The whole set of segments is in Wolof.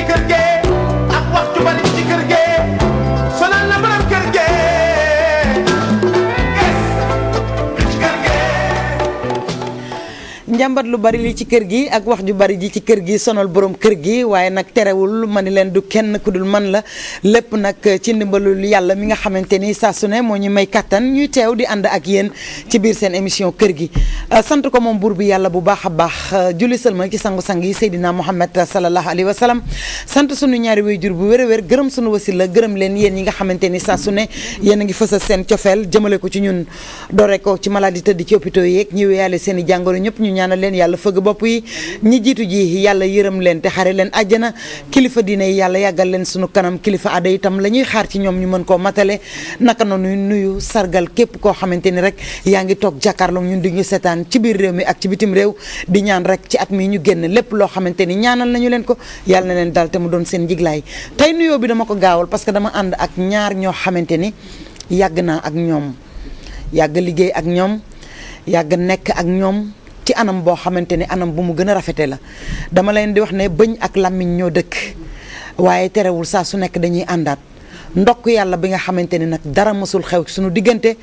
ci kër gi njàmbat lu bari li ci kër gi ak wax ju bari ji ci kër gi sonal borom kër gi waaye nag terewul ma ni leen du kenn ku dul man la lépp nag ci ndimbalul yàlla mi nga xamante ni saa su ne moo ñu may kattan ñuy teew di ànd ak yéen ci biir seen émission kër gi euh, sant ko moom buur bi yàlla bu baax a baax euh, julli sëlmal ci sangu-sang yi Seydina Muhammad sallallahu alayhi wa sallam sant sunu ñaari waajur bu wér a wér gërëm sunu wasila gërëm leen yéen ñi nga xamante ni saa su ne yéen a ngi fësal seen cofeel jëmale ko ci ñun dore ko ci maladie di ci hôpitaux yeeg ñi seen i ñaanal leen yàlla fëgg bopp yi ñi jiitu ji yàlla yërëm leen te xare leen àjjana kilifa diine yi yàlla yàggal leen sunu kanam kilifa ada itam la ñuy xaar ci ñoom ñu mën koo matale naka noonu nuyu sargal képp koo xamante ni rek yaa ngi toog jàkkaarloo ñun di ñu seetaan ci biir réew mi ak ci bitim réew di ñaan rek ci at mi ñu génn lépp loo xamante ni ñaanal nañu leen ko yàlla na leen dal te mu doon seen jiglaay tey nuyoo bi dama ko gaawal parce que dama ànd ak ñaar ñoo xamante ni yàgg naa ak ñoom yàgg liggéey ak ñoom yàgg nekk ci anam boo xamante ne anam bu mu gën a rafete la dama leen di wax ne bëñ ak làmmiñ ñoo dëkk waaye terewul saa su nekk dañuy àndaat ndokk yàlla bi nga xamante ne nag dara mësul xew sunu diggante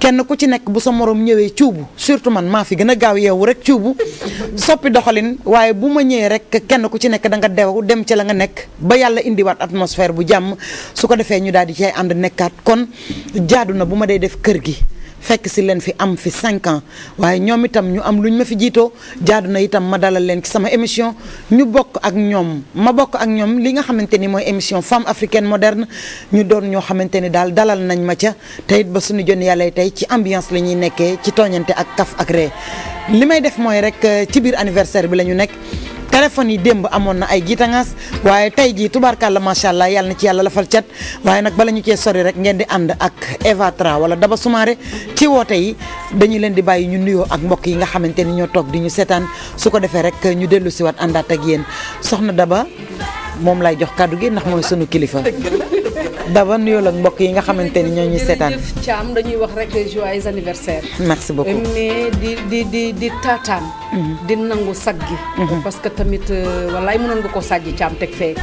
kenn ku ci nekk bu sa moroom ñëwee cuubu surtout man maa fi gën a gaaw yeewu rek cuubu soppi doxalin waaye bu ma ñëwee rek kenn ku ci nekk da nga dew dem ci la nga nekk ba yàlla indiwaat atmosphère bu jàmm su ko defee ñu daal di cay ànd nekkaat kon jaadu na bu ma dee def kër gi fekk si leen fi am fi 5 ans waaye ñoom itam ñu am lu luñ ma fi jiitoo jaadu na itam ma dalal leen ci sama émission ñu bokk ak ñoom ma bokk ak ñoom li nga xamante ni mooy émission femme africaine moderne ñu doon ñoo xamante ni daal dalal nañ ma ca te it ba suñu jën yàlla tey ci ambiance la ñuy nekkee ci tooñante ak kaf ak ree li may def mooy rek ci biir anniversaire bi la ñu nekk. téléphone yi démb amoon na ay gitangaas waaye tey jii tubaarkàlla macha allah yàlla na ci yàlla lafal cat waaye nag bala ñu cee sori rek ngeen di ànd ak Eva Tra wala Daba Soumaré ci woote yi dañu leen di bàyyi ñu nuyoo ak mbokk yi nga xamante ni ñoo toog di ñu seetaan su ko defee rek ñu dellu si waat àndaat ak yéen soxna Daba moom lay jox kàddu gi ndax mooy sunu kilifa. daba nuyoo ak mbokk yi nga xamante ni ñoo ñu seetaan. Thiam dañuy wax rek joyeux anniversaire. merci beaucoup di di di di nangu sag gi mhm. parce que tamit euh, walaay mënoon nga koo sàjji caam teg fee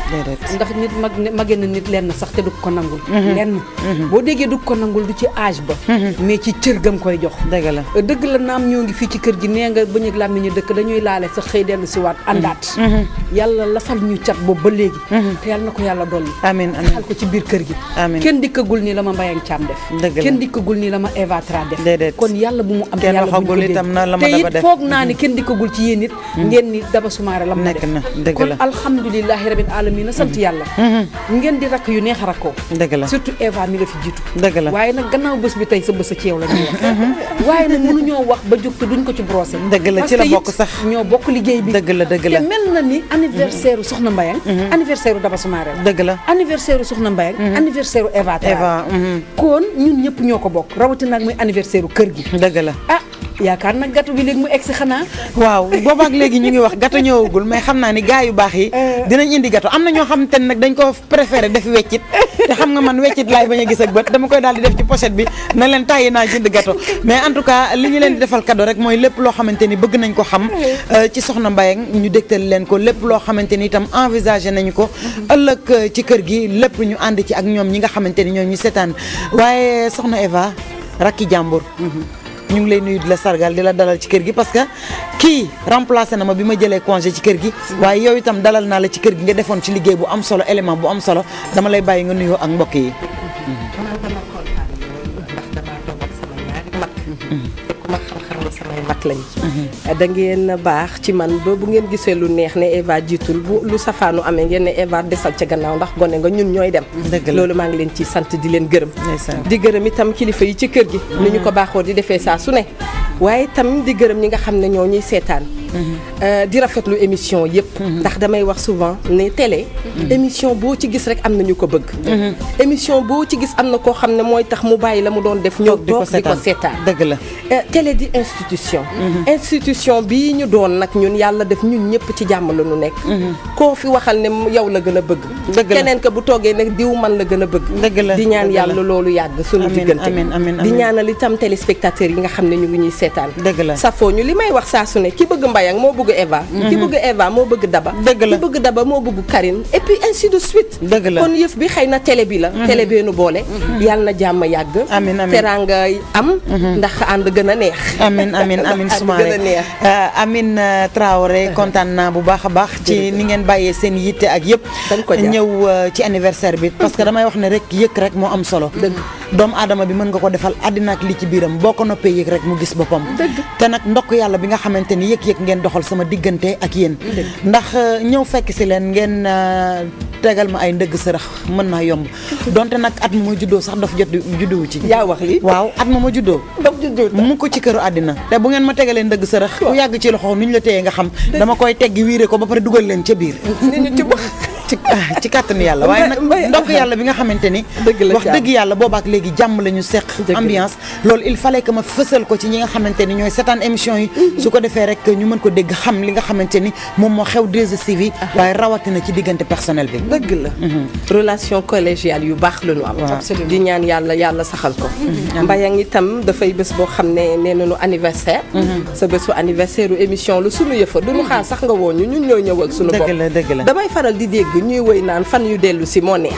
ndax nit mag magee na nit lenn sax te du ko nangul mhm. lenn mhm. boo déggee du ko nangul du ci âge ba mais ci cër gam koy jox dëgg la euh, dëgg la naam ñoo ngi fii ci kër gi nee nga ba ñu làmmiñu dëkk dañuy laale sax xëy dellu si waat àndaat yàlla lafal ñu cat boobu ba léegi te yàlla na ko yàlla dolli amiin amiin xal ko ci biir kër gi kenn dikkagul nii la ma mbayang caam def la kenn dikkagul nii la dikkagul ci yéen it mm. ngeen ni Daba Soumaré na def kon alhamdulilahi rabbil alamin sant mm-hmm. yàlla mm-hmm. ngeen di rakk yu neex a rakkoo dëgg la surtout Eva mi la fi jiitu dëgg la waaye nag gannaaw bés bi tey sa bés a ci yow la mm-hmm. wax ba jóg te ko ci brosé dëgg la ci sax ñoo bokk liggéey bi dëgg la dëgg la te mel na ni anniversaire u soxna Mbayang anniversaire u Daba Soumaré la dëgg la anniversaire u soxna Mbayang anniversaire u ñun ñëpp ñoo ko bokk rawatina nag muy anniversaire u kër gi dëgg la ah yaakaar nag gâteau bi léegi mu egg si xanaa. waaw boobaak léegi ñu ngi wax gâteau ñëwagul mais xam naa ni gaa yu baax yi. Euh. dinañ indi gâteau am na ñoo xam te nag dañ ko préféré def weccit te xam nga man weccit laay bañ a gis ak bët dama koy daal di def ci pochette bi na leen tàyyi naa jënd gâteau mais en tout cas li ñu leen di defal kado rek mooy lépp loo xamante ni bëgg nañ ko xam euh. Euh, ci soxna Mbaye ñu dégtal leen ko lépp loo xamante ni itam envisagé nañu ko ëllëg ci kër gi lépp ñu ànd ci ak ñoom ñi nga xamante ni ñoo ñu seetaan waaye soxna Eva rakki jàmbur mm-hmm. ñu ngi lay nuyu di la sargal di la dalal ci kër gi parce que kii remplacé na ma bi ma jëlee congé ci kër gi waaye yow itam dalal naa la ci kër gi nga defoon ci liggéey bu am solo élément bu am solo dama lay bàyyi nga nuyoo ak mbokk yi mm-hmm. Mm-hmm. Mm-hmm. ne samay mag lañ da ngeen baax ci man ba bu ngeen gisee lu neex ne Eva jiitul bu lu safaanu amee ngeen ne Eva desal ca gannaaw ndax gone nga ñun ñooy dem loolu maa ngi leen ci sant di leen gërëm di gërëm itam kilifa yi ci kër gi ni ñu ko baaxoo di defee saa su ne waaye itam di gërëm ñi nga xam ne ñoo ñuy seetaan Euh, di rafet lu émission yëpp. ndax damay wax souvent ne télé. émission boo ci gis rek am na ñu ko bëgg. émission boo ci gis am na koo xam ne mooy tax mu bàyyi la mu doon def. ñoo toog di ko seetaan dëgg la. Euh, télé di institution. Mhm. institution bii ñu doon nag ñun yàlla def ñun ñëpp ci jàmm la nekk. Mhm. koo fi waxal ne yow la gën a bëgg. dëgg la keneen ka bu toogee nag diw man la gën a bëgg. dëgg la di ñaan yàlla loolu yàgg suñu diggante. di ñaanal itam téléspectateur yi nga xam ne ñu ngi ñuy seetaan. dëgg mbayang moo bëgg Eva mhm. ki bëgg Eva moo bëgg Daba dëgg la ki bëgg Daba moo bëgg Karine et puis ainsi de suite la kon yëf bi xëy na télé bi la mhm. télé bee nu boole mhm. yàlla na jàmm yàgg amiin amiin teraanga am ndax ànd gën a neex amiin amiin amiin Soumaré euh, amiin euh, kontaan naa bu baax a baax ci ni ngeen bàyyee seen yitte ak yëpp ñëw euh, ci anniversaire bi parce que damay wax ne rek yëkk rek moo am solo doomu aadama bi mën nga ko defal àddina ak li ci biiram boo ko noppee yëg rek mu gis boppam te nag ndokk ngeen doxal sama diggante ak yéen ndax euh, ñëw fekk si leen ngeen euh, tegal ma ay ndëgg sërëx mën naa yomb donte nag at ma ma juddoo sax daf jot judduwu ci yaa wax li waaw at ma ma juddoo daf juddoo mu ko ci këru àddina te bu ngeen ma tegalee ndëgg sërëx ku yàgg ci loxo nu ñu la téye nga xam dama koy teggi wiire ko ba pare dugal leen ca biir ci ah, ci kàttanu yàlla waaye nag ndokk yàlla bi nga xamante ni wax dëgg yàlla boobaak la mm-hmm. ah. bi dëgg la mm-hmm. relation collégiale yu la ñu am di ñaan yàlla yàlla saxal ko mm-hmm. mbayang itam dafay bés boo xam ne nee nañu anniversaire sa bésu anniversaire u émission lu sunu yëfa damay faral di dégg ñuy woy naan fan yu dellu si moo neex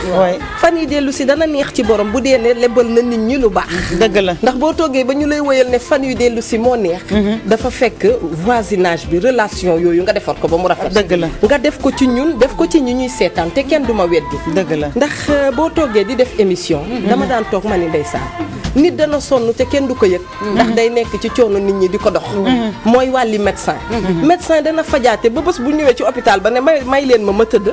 fan yu dellu si dana neex ci borom bu dee ne lebal na nit ñi lu baax dëgg la ndax boo toogee ba ñu lay woyal ne fan yu dellu si moo neex mhm. dafa fekk voisinage bi relation yooyu nga defar ko ba mu rafet dëgg la nga def ko ci ñun def ko ci ñu ñuy seetaan te kenn du ma weddi dëgg la ndax euh, boo toogee di def émission mhm. dama daan toog ma ni ndeysaan nit dana sonn te kenn du ko yëg ndax day nekk ci coono nit ñi di ko dox mooy wàlli médecin médecin dana fajaate ba bés bu ñëwee ci hôpital ba ne may may leen ma ma tëdd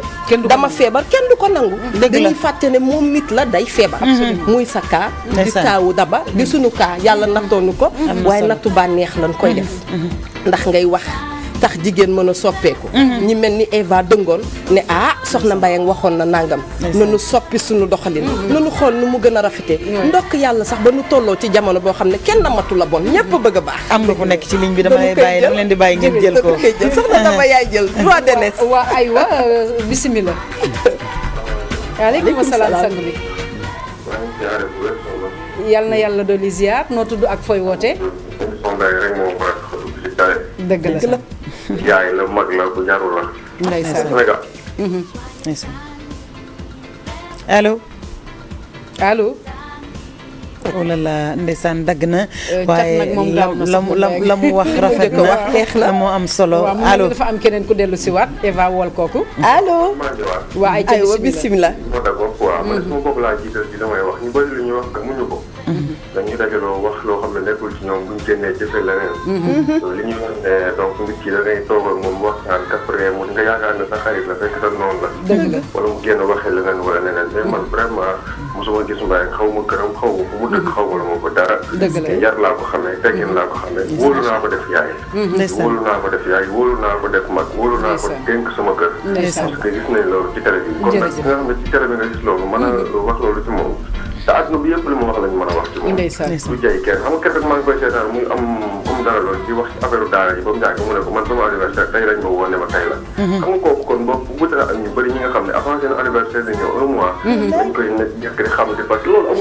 dama feebar kenn du ko nangu dañuy fàtte ne moom nit la day feebar muy sa kaa di kaawu daba di sunu kaa yàlla nattoonu ko waaye nattu bànneex lan koy mm-hmm. def ndax ngay wax tax jigéen mën a soppeeku mhm. ñi mel ni Eva dëngoon ne ah soxna Mbayang waxoon na nàngam nanu soppi suñu doxalin mhm. nanu xool nu mu gën a rafetee mhm. ndokk yàlla sax ba nu tolloo ci jamono boo xam ne kenn matu la bon ñëpp bëgg baax am na ko nekk ci ligne bi damay bàyyi dama leen di bàyyi ngeen jël ko soxna dama yaay jël droit denes waa aywa euh, bismillah waaleykum salaam sang bi yal na yàlla dolli ziar noo tudd ak fooy woote yaay la mag la la. ndeysaan Sénégal. Mhm. allo allo. oh là dagg euh, na. la mu la mu wax rafet na xeex la moo am solo. allo dafa am keneen ku dellu si waat Eva wol kooku. allo. waaw aywa bisimilah. moo d' accord quoi man mhm. su ma bopp ñu bëri ko. Mm-hmm. dañuy dajaloo wax loo xam ne nekkul ci ñoom buñ génnee jëfee leneen. Mm-hmm. li ñu wax ne eh, donc nit ki da ngay toog ak moom waxtaan après mu nga yaakaar ne sa xarit la fekk sa noonu la. dëgg la wala mu génn waxee leneen wala leneen mais man vraiment mosuma gis mbaay xaw ma këram xaw ma fu mu dëkk mm-hmm. xaw ma la ma ko dara. dëgg la yar laa ko xamee fekkin laa ko xamee. wóolu naa ko def yaay. wóolu naa ko def yaay wóolu naa mag wóolu naa ko dénk sama kër. parce que gis nañ loolu ci télé ci télé bi nga gis loolu mën a wax loolu ci moom te àdduna bi yëpp li mu wax lañ mën a wax ci kenn xam nga keroog maa ngi muy am comme di wax ci affaire ba mu ñàkk mu ne ko man sama anniversaire tey lañ ma ne ma tey la. Mhm. xam kon boobu bu wutale ak ñu bëri xam ne avant seen anniversaire di ñëw un mois. Mhm. dañ nekk njëkk di xam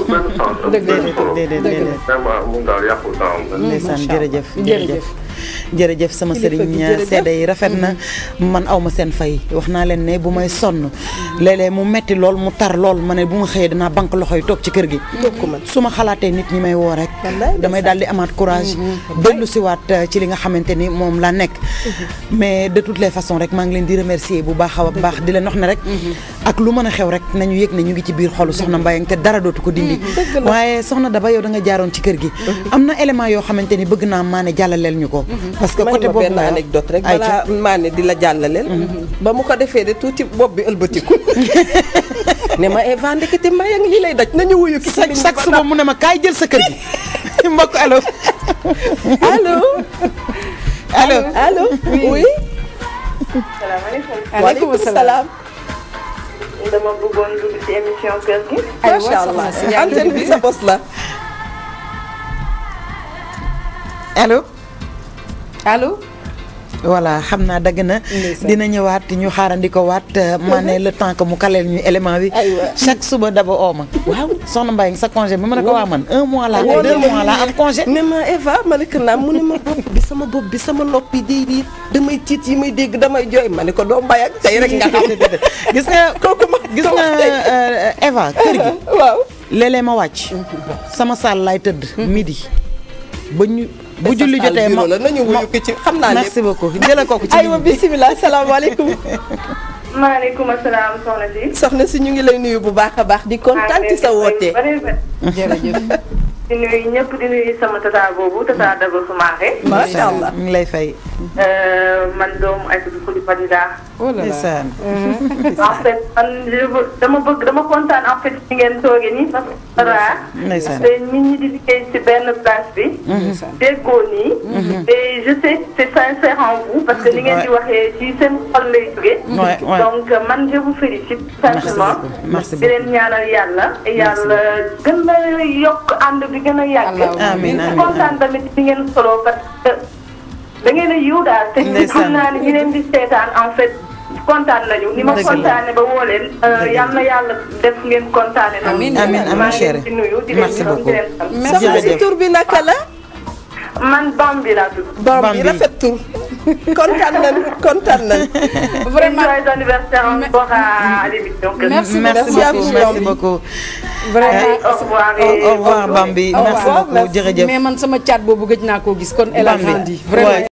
amul benn sens. dëgg la jërëjëf jërëjëf. jërëjëf sama sëriñ yi rafet na man aw ma seen fay wax naa leen ne bu may sonn léeg-léeg mu metti lool mu tar lool ma ne bu ma xëyee dinaa banque loxo yi toog ci kër gi su ma xalaatee nit ñi may woo rek damay daal di amaat courage mm-hmm. dellu siwaat euh, ci li nga xamante ni moom laa nekk mm-hmm. mais de toutes rek maa ngi leen di remercier bu baax a baax di leen wax ne rek mm-hmm. ak lu mën a xew rek nañu yëg ne ñu ngi ci biir xolu soxna Mbayang indi waaye soxna Daba yow da nga jaaroon ci kër gi mhm. am na élément yoo xamante ni bëgg naa maane jàllaleel ñu ko mhm. parce que côté boobu benn anecdote rek balaa maane di la jàllaleel mhm. ba mu ko defee de tuuti bopp bi ëlbatiku ne ma Eva eh, ndekete mbay ak lii lay daj nañu wuyu ki chaque suba mu ne ma kaay jël sa kër gi mbokk allo allo allo allo oui salaamaaleykum waaleykum salaam dama bëggoon dugg ci émission kër gi. macha sa bos la. allo allo. voilà xam naa dagg na. dina ñëwaat ñu xaarandi ko waat. Euh, ma ne le temps mu kaleel ñu élément bi. chaque suba daba ooma. waaw soxna Mbaye sa congé ma ne ko waa man mois la ak deux mois la am congé. ne ma sama bopp bi sama nopp bi day riir damay tiit yi may dégg damay jooy ma ne ko doo mbay ak gis nga kooku ma gis nga euh, Eva kër gi. waaw léeg ma wàcc. Mhm. sama saal laay tëdd. Mhm. midi ba ñu. bu julli jotee ma nañu wuyu ko ci xam naa lépp merci beaucoup jëla kooku ci aywa bisimilah salaamaaleykum maaleykum salaam soxna si soxna si ñu ngi lay nuyu bu baax a baax di kontaan ci sa wootee jërëjëf di nuyu ñëpp di nuyu sama tata boobu mi ngi lay fay euh, man doomu Aïssatou Koulibaly laa oh là là en fait dama bëgg dama kontaan en fait ci ngeen toogee nii parce que raa te nit ñi di liggéey ci benn place bi déggoo nii mhm. te je sais c'est sincère en vous parce que ni ngeen di waxee ci seen xol lay jógee man je vous félicite sincèrement di leen ñaanal yàlla yàlla gën a yokk ànd bi gën a yàgg amiin amiin kontaan tamit ci ngeen solo parce que da ngeen a yiw en fait kontaan nañu ni ma kontaane ba woo leen. Euh, yal na yàlla def ngeen kontaane. amiin amiin merci beaucoup leen di nuyu di leen gërëm di leen merci tur bi naka la. man Bambi laa tudd. Bambi rafet tur. kontaan nañu kontaan nañu. vraiment joyeux anniversaire encore à l'émission. merci beaucoup merci beaucoup. man sama caat boobu gëj naa koo gis kon. Bambi vraiment